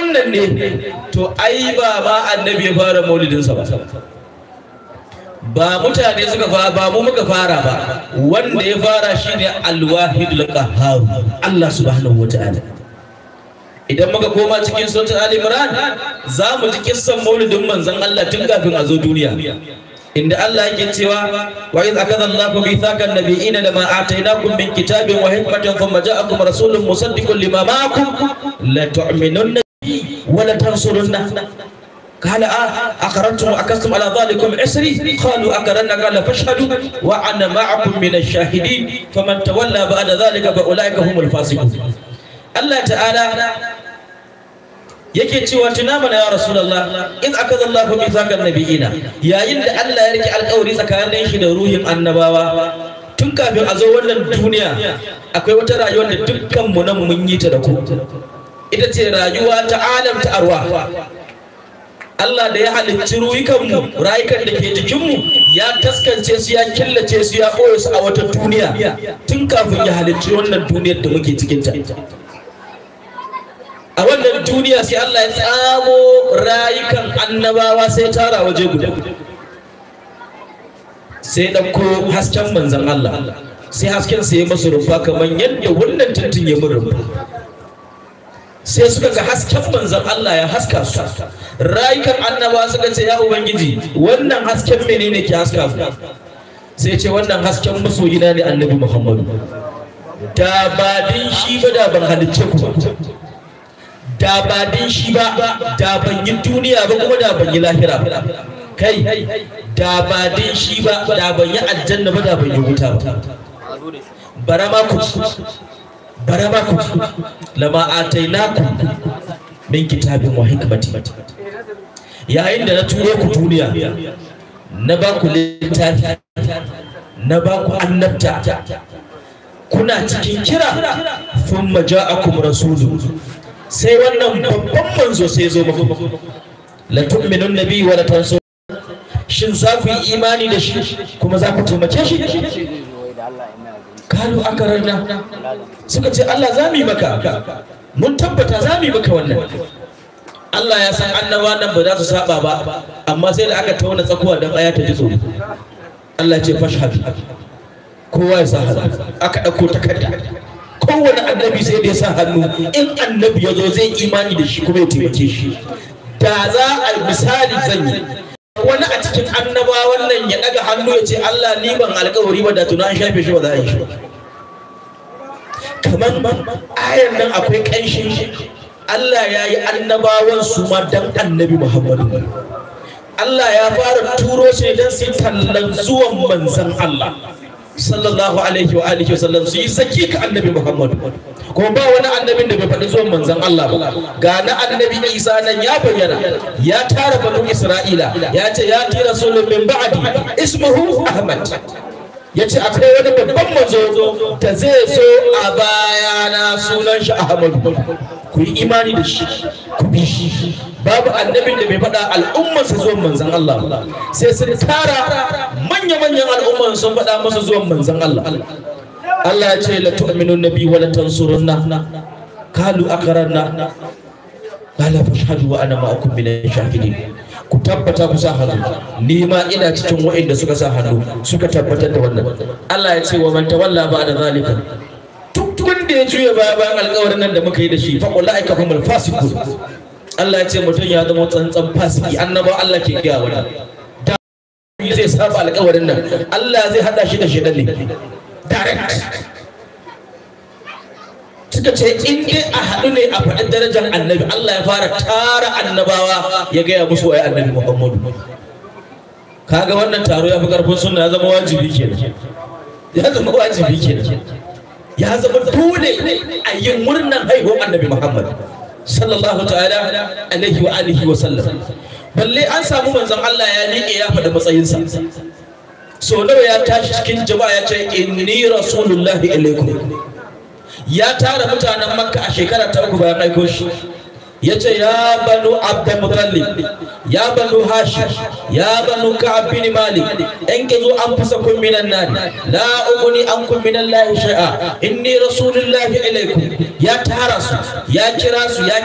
wannan ne to ai ba ba annabi ya fara maulidinsa ba ba mutane suka fara ba mu muka fara ba wanda ya fara shine alwahidul qahhar Allah subhanahu wataala idan muka koma cikin suratul ali imran za mu ji kissan maulidin manzon Allah tun kafin a zo duniya inda Allah yake cewa wa iz akadha Allahu da nabiyina lama ataynakum min kitabin wa hikmatin thumma ja'akum rasulun musaddiqun lima ma'akum la tu'minun ولا تنصرن قال آه أقررتم وأكستم على ذلكم عسري قالوا أقرن قال فاشهدوا وأنا معكم من الشاهدين فمن تولى بعد ذلك فأولئك هم الفاسقون الله تعالى yake cewa tuna mana ya rasulullah in akaza Allahu mithaqan nabiyina yayin da Allah ya rike alƙawari tsakanin shi da ruhin annabawa tun kafin a zo wannan duniya akwai wata rayuwar da dukkan mu nan mun yi ta da ku ita ce rayuwa ta alam ta arwa Allah da ya halicci ruyukanmu rayukan da ke jikinmu ya taskance su ya killace su ya ɓoye su a wata duniya tun kafin ya halicci wannan duniyar da muke cikinta a wannan duniya sai Allah ya tsamo rayukan annabawa sai tara waje guda sai ɗauko hasken manzan Allah sai hasken sai ya masu rumfa kamar yadda wannan tuntun ya mun sai suka ga hasken manzan Allah ya haska su rayukan annaba suka ce ya ubangiji wannan hasken menene ke haska su sai ce wannan hasken masoyina ne annabi muhammadu da ba din shi ba da ban halicce ku ba da ba din shi ba da ban yi duniya ba kuma da ban yi lahira ba kai da ba din shi ba da ban yi aljanna ba da ban yi wuta ba bara ku bara ba ku lama atainaku min kitabin wa hikmati yayin da na ture ku duniya na ba ku littafi na ba ku annabta kuna cikin kira sun maja'akum rasulu sai wannan babban manzo sai zo muku la tu'minun nabi wa la tansu shin za ku yi imani da shi kuma za ku taimake shi kalu akararna suka ce Allah za mu yi maka mun tabbata za mu yi maka wannan Allah ya san annaba nan ba za su saba ba amma sai da aka tauna tsakuwa don aya ta ji tsoro Allah ce fashhad kowa ya san hada aka ɗauko takarda kowane annabi sai da ya sa hannu in annabi ya zo zai imani da shi kuma ya taimake shi da za a misali zan yi cikin annabawan nan ya daga hannu ya ce Allah ni ban alkawari ba da tuna an shafe shi ba za a yi shi kamar ayan nan akwai kanshin Allah ya yi annabawan su ma dan annabi Muhammadu Allah ya fara turo shi don su tallan zuwan manzan Allah sallallahu alaihi wa alihi wasallam su yi saki ka annabi muhammad ko ba wani annabin da bai faɗi zuwan manzon Allah ba ga na annabi isa nan ya bayyana ya tara banu isra'ila ya ce ya ti rasulun min ba'di ismuhu ahmad ya ce akwai wani babban manzo da zai so a ba sunan shi Ahmad ku yi imani da shi ku bi shi babu annabin da bai faɗa al'ummar sa zuwan manzon Allah sai sun tara manya-manyan al'umman sun faɗa masa zuwan manzon Allah Allah ya ce la tu'minu nabi wa la tansurunna kalu aqranna qala fashhadu wa ana ma'akum min shahidin ku tabbata ku sa hannu ni ma ina cikin da suka sa hannu suka tabbatar da wannan Allah ya ce wa man tawalla ba'da zalika ya juya baya bayan alƙawarin nan da muka yi da shi fa ulaika humul fasiqun Allah ya ce mutum ya zama tsantsan fasiki annaba Allah ke gaya wani da zai saba alƙawarin nan Allah zai hada shi da shedan ne direct suka ce in dai a haɗu ne a faɗin darajar annabi Allah ya fara tara annabawa ya gaya musu wai annabi Muhammadu kaga wannan taro ya fi karfin sunna ya zama wajibi kenan ya zama wajibi kenan ya zama dole a yi murnar haihuwar annabi muhammad sallallahu ta'ala alaihi wa alihi wa sallam balle an samu manzon Allah ya miƙe ya faɗi matsayinsa so nawa ya tashi cikin jama'a ya ce inni rasulullahi ilaikum ya tara mutanen makka a shekara ta uku bayan aiko shi ya ce ya banu abdul mutallib ya banu hashim ya banu ka'ab bin malik in ki zo an fasa kun minan nan la uguni an kun minan lahi shay'a inni rasulullahi ilaikum ya tara su ya kira su ya